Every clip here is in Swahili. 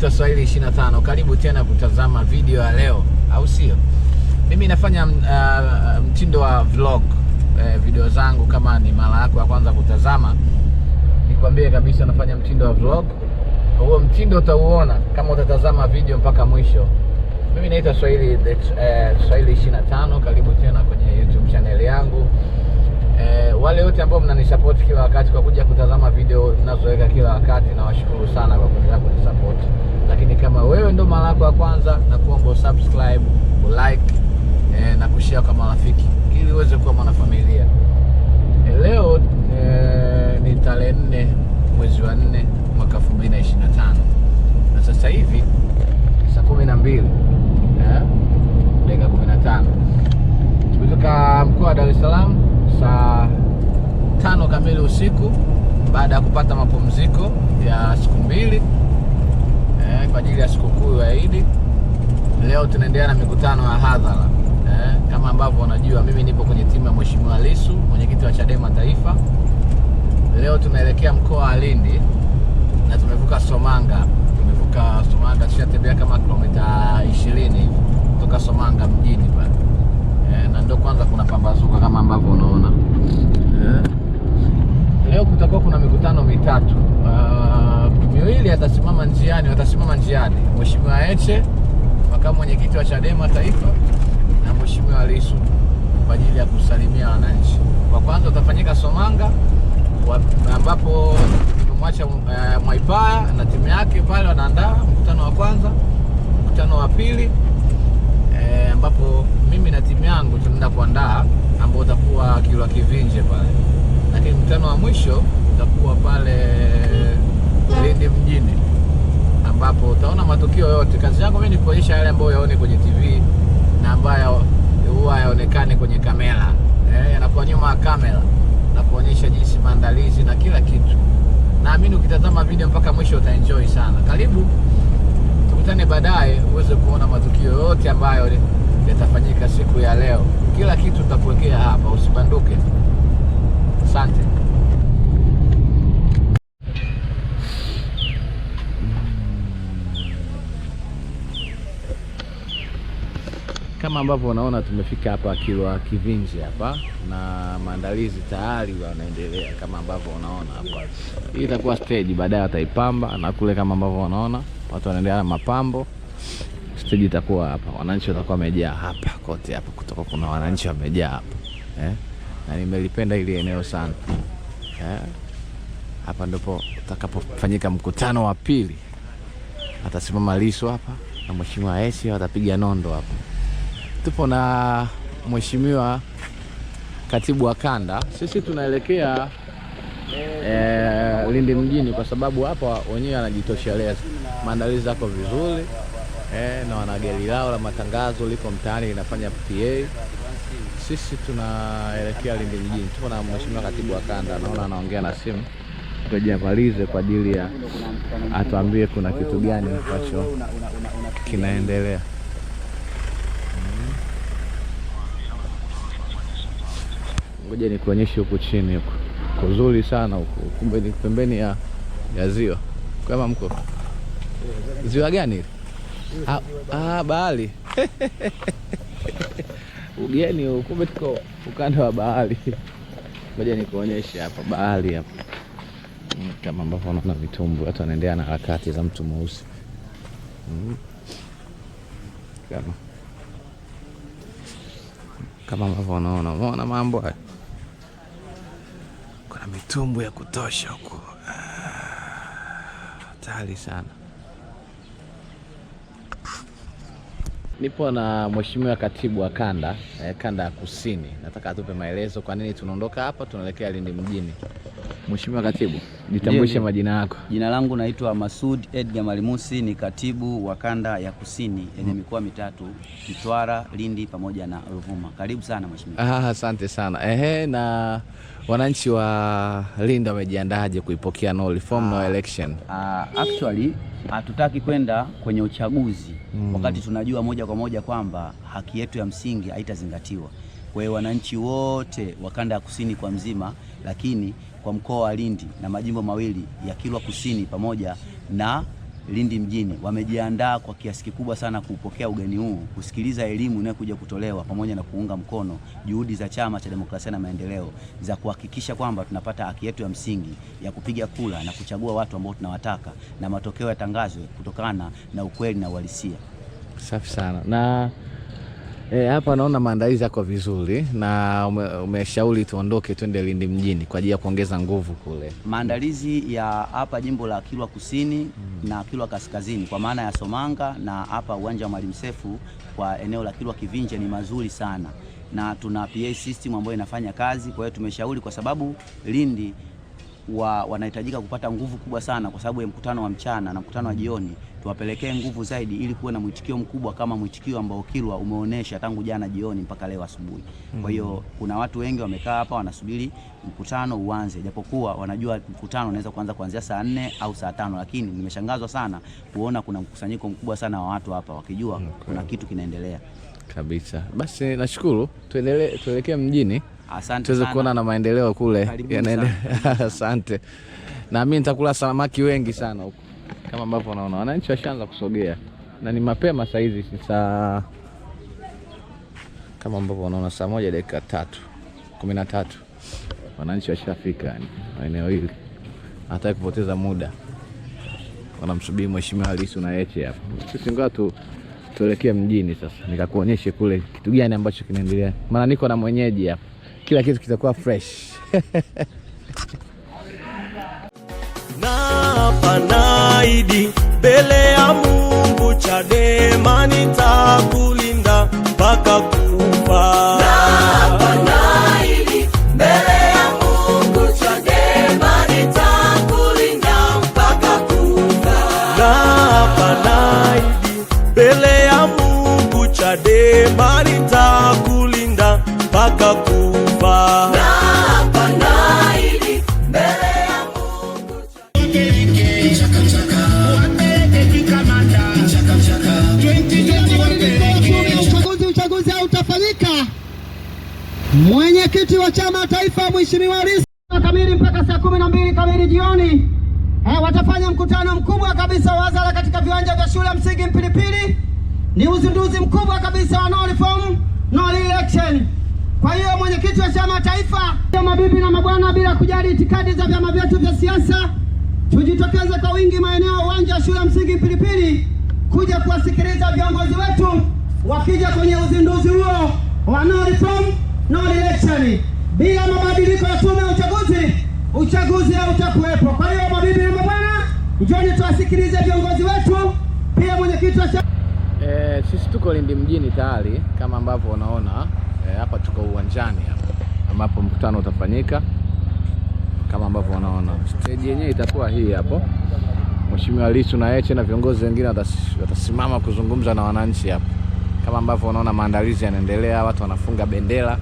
naitwa Swahili 25. Karibu tena kutazama video ya leo, au sio? Mimi nafanya uh, mtindo wa vlog eh, video zangu. Kama ni mara yako ya kwanza kutazama, nikwambie kabisa nafanya mtindo wa vlog. Huo mtindo utauona kama utatazama video mpaka mwisho. Mimi naitwa Swahili uh, Swahili 25. Karibu tena kwenye YouTube channel yangu. Eh, wale wote ambao mnanisupport kila wakati kwa kuja kutazama video ninazoweka kila wakati, nawashukuru sana kwa kuendelea kunisupport lakini kama wewe ndo mara yako ya kwanza, na kuomba usubscribe, ulike eh, na kushare kwa marafiki ili uweze kuwa mwanafamilia. Eh, leo eh, ni tarehe nne mwezi wa nne mwaka 2025 na sasa hivi saa kumi na mbili eh, dakika kumi na tano kutoka mkoa wa Dar es Salaam saa tano kamili usiku baada ya kupata mapumziko ya siku mbili kwa ajili ya sikukuu ya Idi. Leo tunaendelea na mikutano ya hadhara eh, kama ambavyo unajua mimi nipo kwenye timu ya Mheshimiwa Lissu, mwenyekiti wa Chadema Taifa. Leo tunaelekea mkoa wa Lindi na tumevuka Somanga, tumevuka Somanga, tushatembea kama kilomita 20 kutoka Somanga mjini pale eh, na ndio kwanza kuna pambazuka kama ambavyo unaona eh. Leo kutakuwa kuna mikutano mitatu mmoja atasimama njiani, watasimama njiani Mheshimiwa Heche, makamu mwenyekiti wa Chadema Taifa, na Mheshimiwa Lissu kwa ajili ya kusalimia wananchi. Kwa kwanza utafanyika Somanga ambapo tumemwacha uh, eh, Mwaipaya na timu yake pale, wanaandaa mkutano wa kwanza, mkutano wa pili e, ambapo mimi na timu yangu tunaenda kuandaa ambao utakuwa Kilwa Kivinje pale, lakini mkutano wa mwisho utakuwa pale Lindi mjini, ambapo utaona matukio yote. Kazi yangu mimi ni kuonyesha yale ambayo yaone kwenye TV na ambayo huwa yaonekane kwenye kamera eh, yanakuwa nyuma ya kamera na kuonyesha jinsi maandalizi na kila kitu. Naamini ukitazama video mpaka mwisho utaenjoy sana. Karibu tukutane baadaye uweze kuona matukio yote ambayo yatafanyika siku ya leo. Kila kitu tutakuwekea hapa, usibanduke. Asante. Kama ambavyo unaona tumefika hapa Kilwa Kivinje hapa na maandalizi tayari yanaendelea, kama ambavyo unaona hapa. Hii itakuwa stage, baadaye wataipamba, na kule kama ambavyo unaona watu wanaendelea na mapambo. Stage itakuwa hapa, wananchi watakuwa wamejaa hapa kote hapa, kutoka kuna wananchi wamejaa hapa eh? na nimelipenda ili eneo sana eh? Hapa ndipo utakapofanyika mkutano wa pili, atasimama Lissu hapa na mheshimiwa Heche watapiga nondo hapa. Tupo na mheshimiwa katibu wa kanda. Sisi tunaelekea e, Lindi mjini kwa sababu hapa wenyewe wanajitosheleza, maandalizi yako vizuri e, na wana gari lao la matangazo liko mtaani linafanya PA. Sisi tunaelekea Lindi mjini, tupo na mheshimiwa katibu wa kanda, naona anaongea na simu tujiamalize kwa ajili ya atuambie kuna kitu gani ambacho kinaendelea. Ngoja nikuonyeshe huku chini huku, kuzuri sana huku, kumbe ni pembeni ya, ya ziwa. Kama mko ziwa gani? Ah, bahari ugeni huu, kumbe tuko ukanda wa bahari. Ngoja nikuonyeshe hapa bahari hapa, mm, kama ambavyo unaona vitumbu, watu anaendea na harakati za mtu mweusi mm. kama kama ambavyo unaona, umeona mambo haya tumbo ya kutosha huku. Ah, hatari sana. Nipo na mheshimiwa katibu wa kanda eh, kanda ya Kusini. Nataka atupe maelezo kwa nini tunaondoka hapa tunaelekea Lindi mjini. Mheshimiwa katibu Jitambulishe majina yako. Jina langu naitwa Masud Edgar Malimusi, ni katibu wa kanda ya kusini yenye mm. mikoa mitatu Mtwara, Lindi pamoja na Ruvuma. Karibu sana mheshimiwa. Ah, asante sana. Ehe, na wananchi wa Lindi wamejiandaje kuipokea no reform, no ah, election? Ah, actually hatutaki kwenda kwenye uchaguzi mm, wakati tunajua moja kwa moja kwamba haki yetu ya msingi haitazingatiwa. Kwa hiyo wananchi wote wa kanda ya kusini kwa mzima, lakini kwa mkoa wa Lindi na majimbo mawili ya Kilwa Kusini pamoja na Lindi mjini wamejiandaa kwa kiasi kikubwa sana kuupokea ugeni huu, kusikiliza elimu inayokuja kutolewa pamoja na kuunga mkono juhudi za Chama cha Demokrasia na Maendeleo za kuhakikisha kwamba tunapata haki yetu ya msingi ya kupiga kura na kuchagua watu ambao tunawataka na matokeo yatangazwe kutokana na ukweli na uhalisia. Safi sana na Eh, hapa e, naona maandalizi yako vizuri na umeshauri tuondoke twende Lindi mjini kwa ajili ya kuongeza nguvu kule. Maandalizi ya hapa jimbo la Kilwa Kusini mm. na Kilwa Kaskazini kwa maana ya Somanga na hapa uwanja wa Mwalimu Sefu kwa eneo la Kilwa Kivinje ni mazuri sana, na tuna PA system ambayo inafanya kazi. Kwa hiyo tumeshauri kwa sababu Lindi wa, wanahitajika kupata nguvu kubwa sana kwa sababu ya mkutano wa mchana na mkutano wa jioni, tuwapelekee nguvu zaidi ili kuwe na mwitikio mkubwa kama mwitikio ambao Kilwa umeonyesha tangu jana jioni mpaka leo asubuhi. Kwa hiyo mm-hmm. kuna watu wengi wamekaa hapa wanasubiri mkutano uanze, japokuwa wanajua mkutano unaweza kuanza kuanzia saa nne au saa tano, lakini nimeshangazwa sana kuona kuna mkusanyiko mkubwa sana wa watu hapa wakijua mm, okay. kuna kitu kinaendelea kabisa. Basi nashukuru, tuelekee mjini tuweze kuona na maendeleo kule yanaendelea. Yaani, asante na mimi nitakula samaki wengi sana huko, kama ambavyo unaona wananchi washaanza kusogea na ni mapema saa hizi, saa kama ambavyo unaona saa moja dakika tatu kumi na tatu wananchi washafika eneo hili, hataki kupoteza muda, wanamsubiri mheshimiwa Lissu na Heche hapa. Sisi ngoja tu tuelekee mjini sasa, nikakuonyeshe kule kitu gani ambacho kinaendelea, maana niko na mwenyeji hapa kila kitu kitakuwa fresh na panaidi mbele ya Mungu, Chadema nitakulinda mpaka mwenyekiti wa chama taifa Mheshimiwa Lissu kamili mpaka saa kumi na mbili kamili jioni eh, watafanya mkutano mkubwa kabisa wa hadhara katika viwanja vya shule msingi Mpilipili. Ni uzinduzi mkubwa kabisa wa no reform no election. Kwa hiyo mwenyekiti wa chama taifa, mabibi na mabwana, bila kujali itikadi za vyama vyetu vya siasa, tujitokeze kwa wingi maeneo ya uwanja wa shule msingi Mpilipili kuja kuwasikiliza viongozi wetu wakija kwenye uzinduzi huo wa no reform no election, bila mabadiliko ya tume ya uchaguzi, uchaguzi hautakuwepo. Kwa hiyo mabibi na mabwana, njoni tuwasikilize viongozi wetu, pia mwenyekiti wa eh, sisi tuko Lindi mjini tayari kama ambavyo unaona eh, hapa tuko uwanjani hapa ambapo mkutano utafanyika kama ambavyo wanaona stage yenyewe itakuwa hii hapo. Mheshimiwa Lissu na Heche na viongozi wengine watasimama kuzungumza na wananchi hapo kama ambavyo unaona maandalizi yanaendelea, watu wanafunga bendera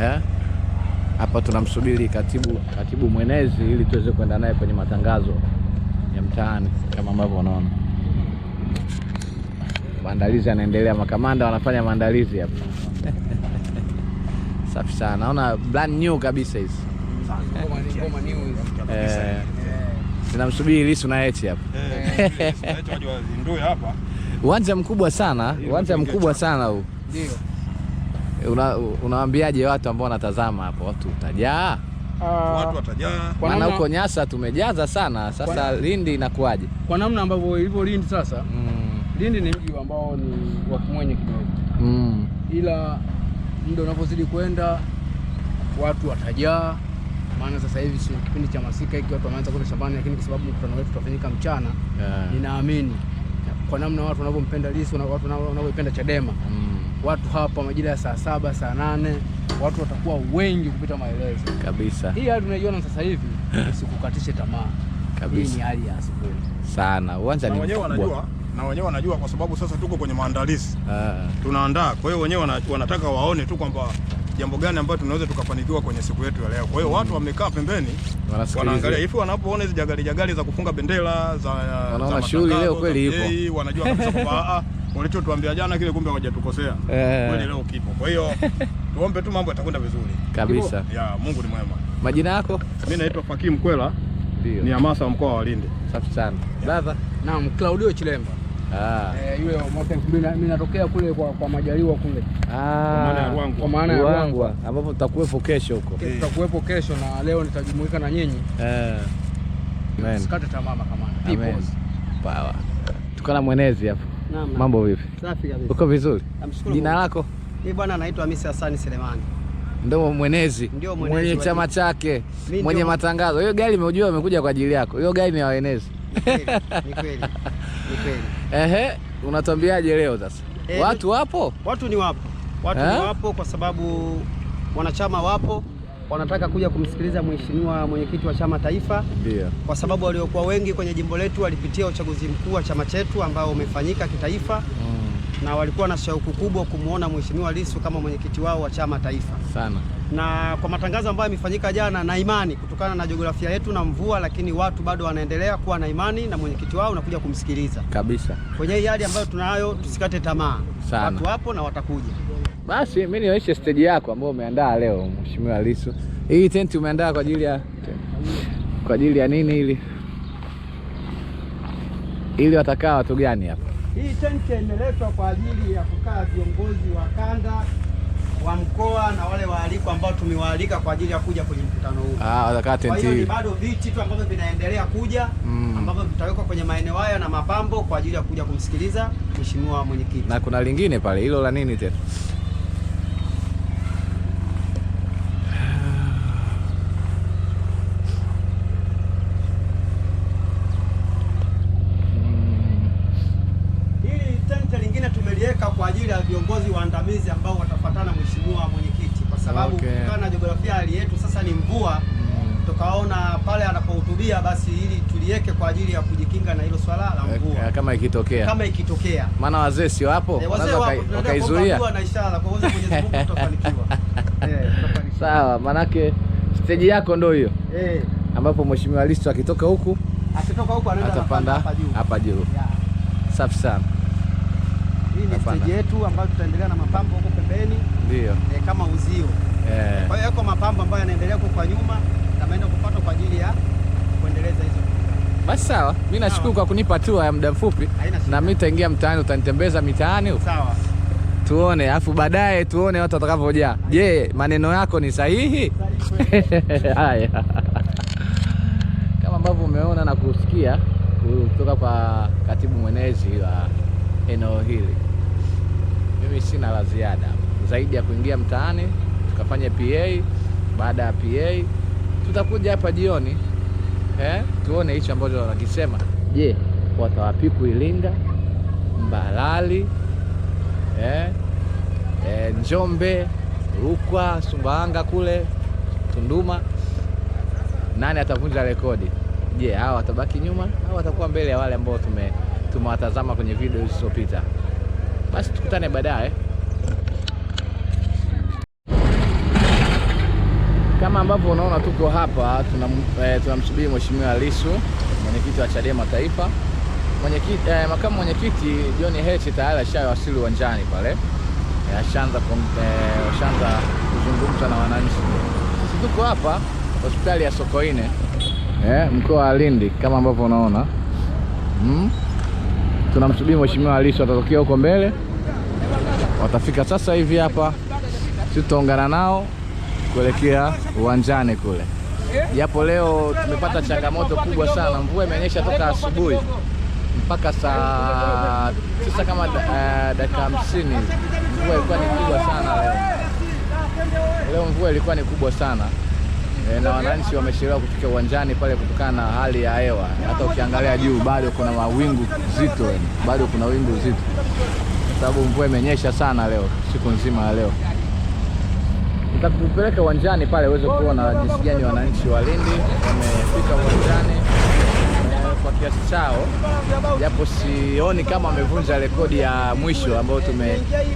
eh? hapa yeah. Tunamsubiri katibu, katibu mwenezi ili tuweze kwenda naye kwenye matangazo ya mtaani kama ambavyo unaona maandalizi yanaendelea, makamanda wanafanya maandalizi hapa safi sana, naona brand new kabisa hizi zinamsubiri eh. eh. tunamsubiri Lissu na Heche hapa Uwanja mkubwa sana, uwanja mkubwa sana huu. Una, unawaambiaje watu ambao wanatazama hapo? Watu utajaa? Ah, watu watajaa. Maana huko Nyasa tumejaza sana. Sasa Lindi inakuwaje? Kwa namna ambavyo ilivyo Lindi sasa. Mm. Lindi ni mji ambao ni wa kimwenye kidogo. Mm. Ila muda unapozidi kwenda watu watajaa, maana sasa hivi si kipindi cha masika hiki, watu wameanza kwenda shambani, lakini kwa sababu mkutano wetu utafanyika mchana yeah. Ninaamini kwa namna watu wanavyompenda Lissu na watu wanavyopenda Chadema mm. Watu hapa majira ya saa saba saa nane watu watakuwa wengi kupita maelezo kabisa. Hii hali tunaiona sasa hivi isikukatishe tamaa kabisa. Hii ni hali ya asubuhi sana, uwanja ni mkubwa na wenyewe wanajua, kwa sababu sasa tuko kwenye maandalizi, ah. tunaandaa. Kwa hiyo wenyewe wanataka waone tu kwamba jambo gani ambayo tunaweza tukafanikiwa kwenye siku yetu ya leo. Kwa hiyo mm-hmm. watu wamekaa pembeni wanaangalia hivi, wanapoona hizi jagali jagali za kufunga bendera za wanaona shughuli leo kweli ipo, wanajua kabisa kwamba ah, ah, walichotuambia jana kile kumbe hawajatukosea eh. kweli, leo kipo. Kwa hiyo tuombe tu mambo yatakwenda vizuri kabisa. Ya, Mungu ni mwema. Majina yako? Mimi naitwa Fakim Kwela, ni hamasa wa mkoa wa Lindi. Safi sana. Brother. Naam, Claudio Chilemba. Ah. Eh, yule mwaka elfu mbili mimi kule kwa, kwa majaliwa kule ah. kwa maana ya Ruangwa ambapo tutakuwepo kesho huko, eh. tutakuwepo kesho na leo nitajumuika na nyinyi. Eh. Sikate tamaa kamanda, tukana mwenezi hapo. Mambo vipi? Safi kabisa. Uko vizuri? Jina lako? Mimi bwana naitwa Hamisi Hassan Selemani. Ndio mwenezi, mwenye chama chake, mwenye matangazo. Hiyo gari imeujua, imekuja kwa ajili yako. Hiyo gari ni ya waenezi. Ni kweli. Ni kweli. Ehe, unatuambiaje leo sasa? Eh, watu wapo? Watu ni wapo, watu ha? Eh? ni wapo kwa sababu wanachama wapo wanataka kuja kumsikiliza mheshimiwa mwenyekiti wa chama taifa. Ndio. Kwa sababu waliokuwa wengi kwenye jimbo letu walipitia uchaguzi mkuu wa chama chetu ambao umefanyika kitaifa mm. na walikuwa na shauku kubwa kumwona mheshimiwa Lissu kama mwenyekiti wao wa chama taifa sana na kwa matangazo ambayo yamefanyika jana, na imani kutokana na jiografia yetu na mvua, lakini watu bado wanaendelea kuwa na imani na mwenyekiti wao na kuja kumsikiliza kabisa kwenye hii hali ambayo tunayo. Tusikate tamaa, watu wapo na watakuja. Basi mimi nionyeshe stage yako ambayo umeandaa leo, Mheshimiwa Lissu. Hii tenti umeandaa kwa ajili ya kwa ajili ya nini? Ili ili watakaa watu gani hapa? Hii tenti imeletwa kwa ajili ya kukaa viongozi wa kanda wa mkoa na wale waalikwa ambao tumewaalika kwa ajili ya kuja kwenye mkutano huu. Ah, kwa hiyo ni bado viti tu ambavyo vinaendelea kuja mm, ambavyo vitawekwa kwenye maeneo haya na mapambo kwa ajili ya kuja kumsikiliza mheshimiwa mwenyekiti. Na kuna lingine pale hilo la nini tena? ajili ya viongozi waandamizi ambao watafuatana mheshimiwa mwenyekiti, kwa sababu kutokana okay. na jiografia hali yetu sasa ni mvua mm. tukaona pale anapohutubia basi ili tuliweke kwa ajili ya kujikinga na hilo swala la eh, mvua okay. Eh, kama ikitokea kama ikitokea, maana wazee sio hapo, eh, wazee wakaizuia na ishara kwa uwezo Mwenyezi Mungu tutafanikiwa. sawa, steji yako ndio hiyo eh, ambapo mheshimiwa Lissu akitoka huku akitoka huku anaenda hapa juu, safi sana stage yetu ambayo tutaendelea na mapambo huko pembeni, ndio e, kama uzio e. Kwa hiyo yako mapambo ambayo yanaendelea huko kwa nyuma na maenda kupata kwa ajili ya kuendeleza hizo. Basi sawa, mi nashukuru kwa kunipa tua ya muda mfupi, na mi taingia mtaani, utanitembeza mitaani sawa, tuone afu baadaye tuone watu watakavyojaa. Je, maneno yako ni sahihi? Haya, kama ambavyo umeona na kusikia kutoka kwa katibu mwenezi wa eneo hili mimi sina la ziada zaidi ya kuingia mtaani tukafanya PA. Baada ya PA tutakuja hapa jioni eh, tuone hicho ambacho wanakisema. Je, watawapiku Ilinga, Mbalali eh, eh, Njombe, Rukwa, Sumbawanga kule Tunduma, nani atavunja rekodi? Je, hawa watabaki nyuma au watakuwa mbele ya wale ambao tumewatazama kwenye video zilizopita? Basi tukutane baadaye. Kama ambavyo unaona tuko hapa eh, tunamsubiri eh, Mheshimiwa Lissu, mwenyekiti wa Chadema Taifa. Mwenyekiti eh, makamu mwenyekiti John Heche tayari ashawasili uwanjani pale, eh, ashaanza eh, kuzungumza na wananchi. Sisi tuko hapa hospitali ya Sokoine eh, mkoa wa Lindi kama ambavyo unaona mm tunamsubiri mheshimiwa Lissu atatokea huko mbele, watafika sasa hivi hapa, sisi tutaungana nao kuelekea uwanjani kule, japo leo tumepata changamoto kubwa sana. Mvua imeonyesha toka asubuhi mpaka saa tisa kama uh, dakika hamsini. Mvua ilikuwa ni kubwa sana leo, leo mvua ilikuwa ni kubwa sana. Eh, na wananchi wamechelewa kufika uwanjani pale kutokana na hali ya hewa. Hata ukiangalia juu bado kuna mawingu zito, bado kuna wingu zito, sababu mvua imenyesha sana leo, siku nzima ya leo. Nitakupeleka uwanjani pale uweze kuona jinsi gani wananchi wa Lindi wamefika uwanjani kiasi chao, japo sioni kama wamevunja rekodi ya mwisho ambayo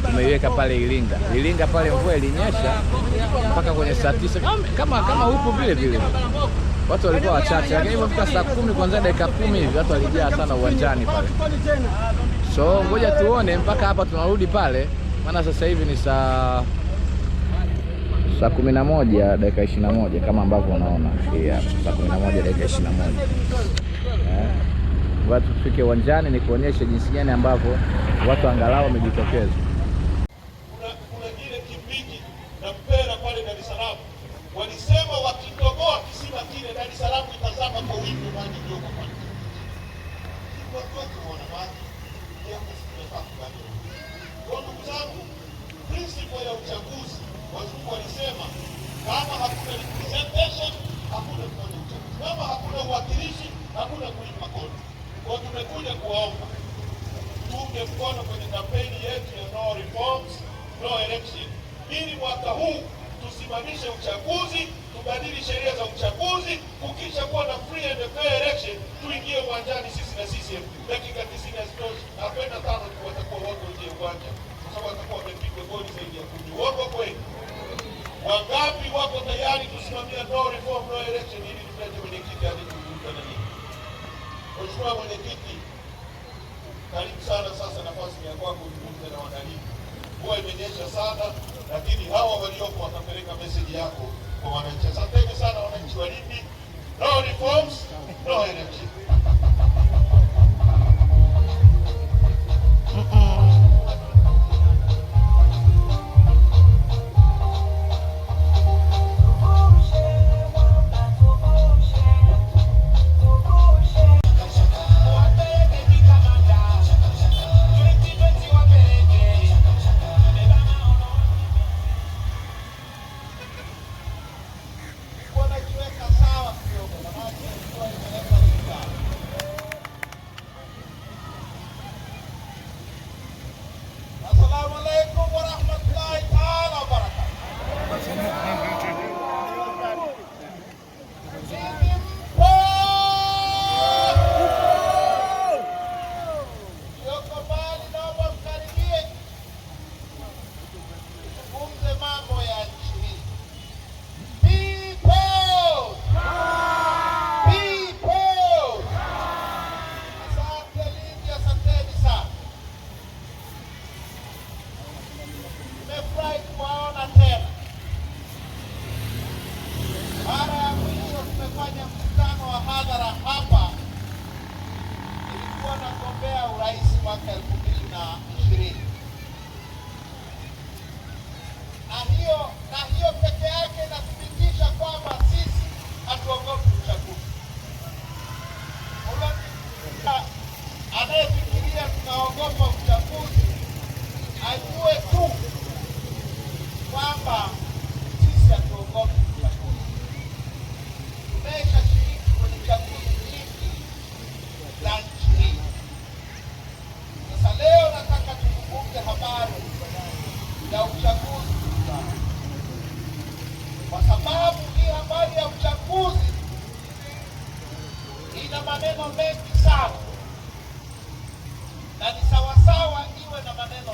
tumeiweka pale Iringa. Iringa pale mvua ilinyesha mpaka kwenye saa tisa kama, kama huku vile vile watu walikuwa wachache, lakini ilipofika saa kumi kuanzia dakika kumi hivi watu walijaa sana uwanjani pale. So ngoja tuone mpaka hapa tunarudi pale, maana sasa hivi ni saa saa kumi na moja dakika ishirini na moja kama ambavyo unaona yeah, saa kumi na moja dakika ishirini na moja watu eh, tufike uwanjani nikuonyeshe jinsi gani ambavyo watu angalau wamejitokeza. ina maneno mengi sana, na ni sawasawa iwe na maneno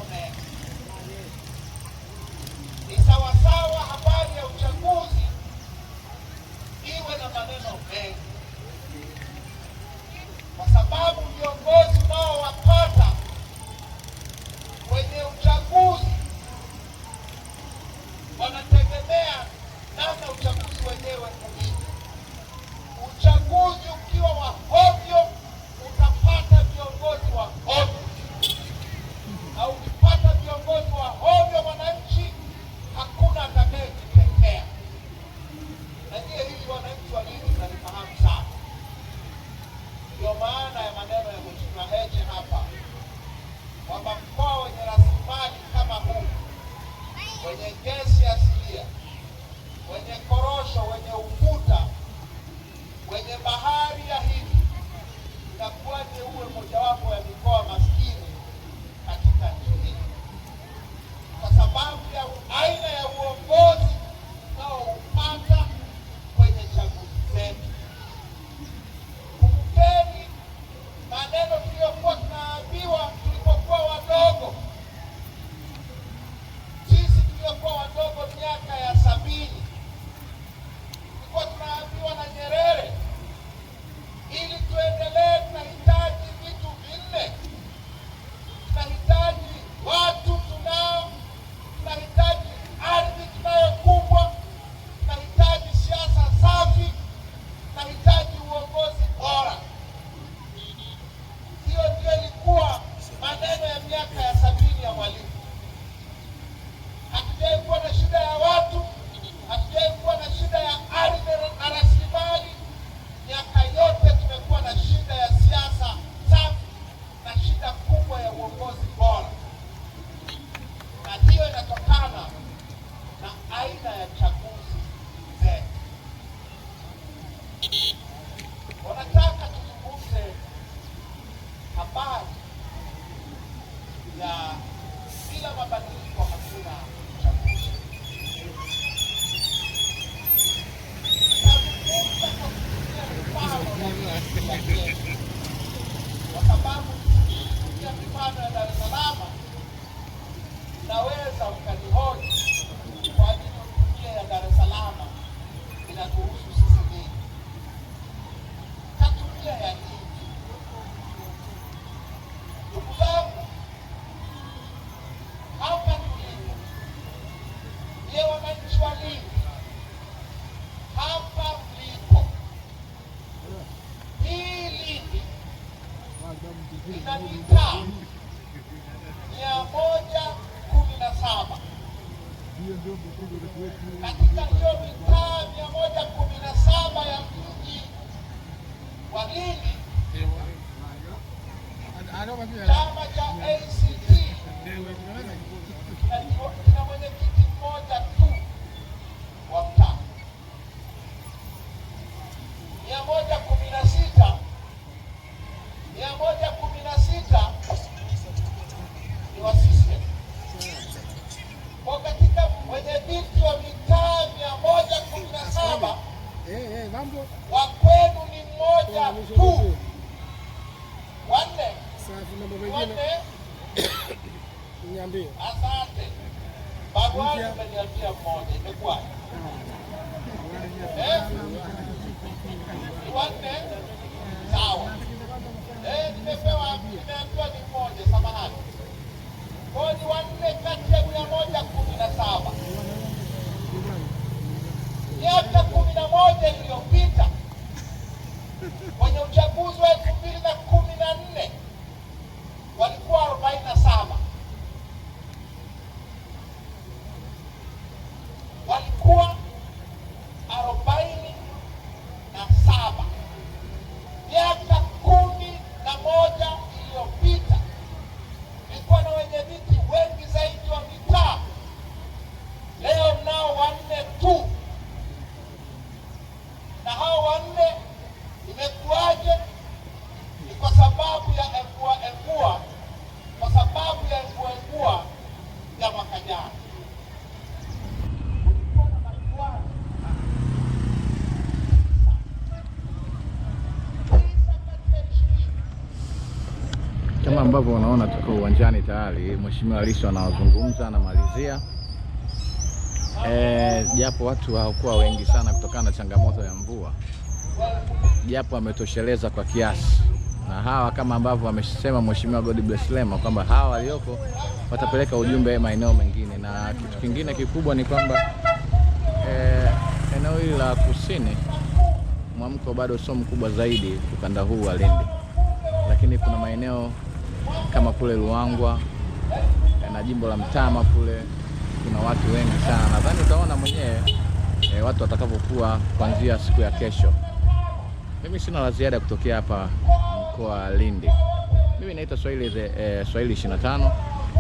katika ndio mitaa mia moja kumi na saba ya mji wa Lindi, chama cha ACT mmoja White. hivyo unaona tuko uwanjani tayari. Mheshimiwa Lissu anawazungumza anamalizia, e, japo e, watu hawakuwa wengi sana kutokana na changamoto ya mvua, japo wametosheleza kwa kiasi, na hawa kama ambavyo wamesema Mheshimiwa bless Lema kwamba hawa walioko watapeleka ujumbe maeneo mengine, na kitu kingine kikubwa ni kwamba e, eneo hili la kusini mwamko bado sio mkubwa zaidi ukanda huu wa Lindi, lakini kuna maeneo kama kule Ruangwa eh, na jimbo la Mtama kule kuna watu wengi sana. Nadhani utaona mwenyewe e, watu watakavyokuwa kuanzia siku ya kesho. Mimi sina la ziada kutokea hapa mkoa wa Lindi. Mimi naitwa Swahili the, e, Swahili 25.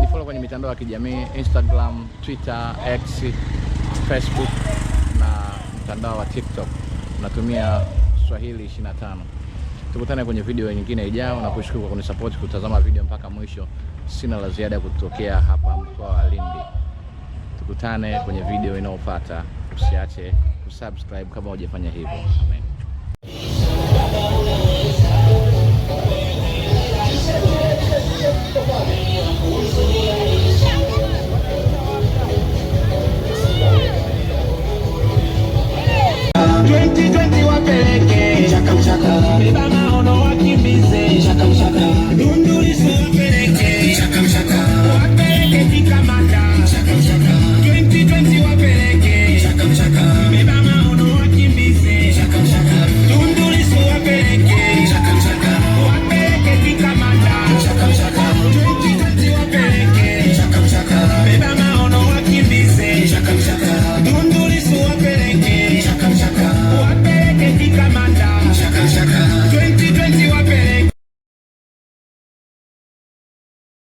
Nifollow kwenye mitandao ya kijamii Instagram, Twitter, X, Facebook na mtandao wa TikTok. Natumia Swahili 25 tukutane kwenye video nyingine ijayo, na kushukuru kwa kunisupport kutazama video mpaka mwisho. Sina la ziada kutokea hapa mkoa wa Lindi. Tukutane kwenye video inayofuata. Usiache kusubscribe kama hujafanya hivyo. Amen.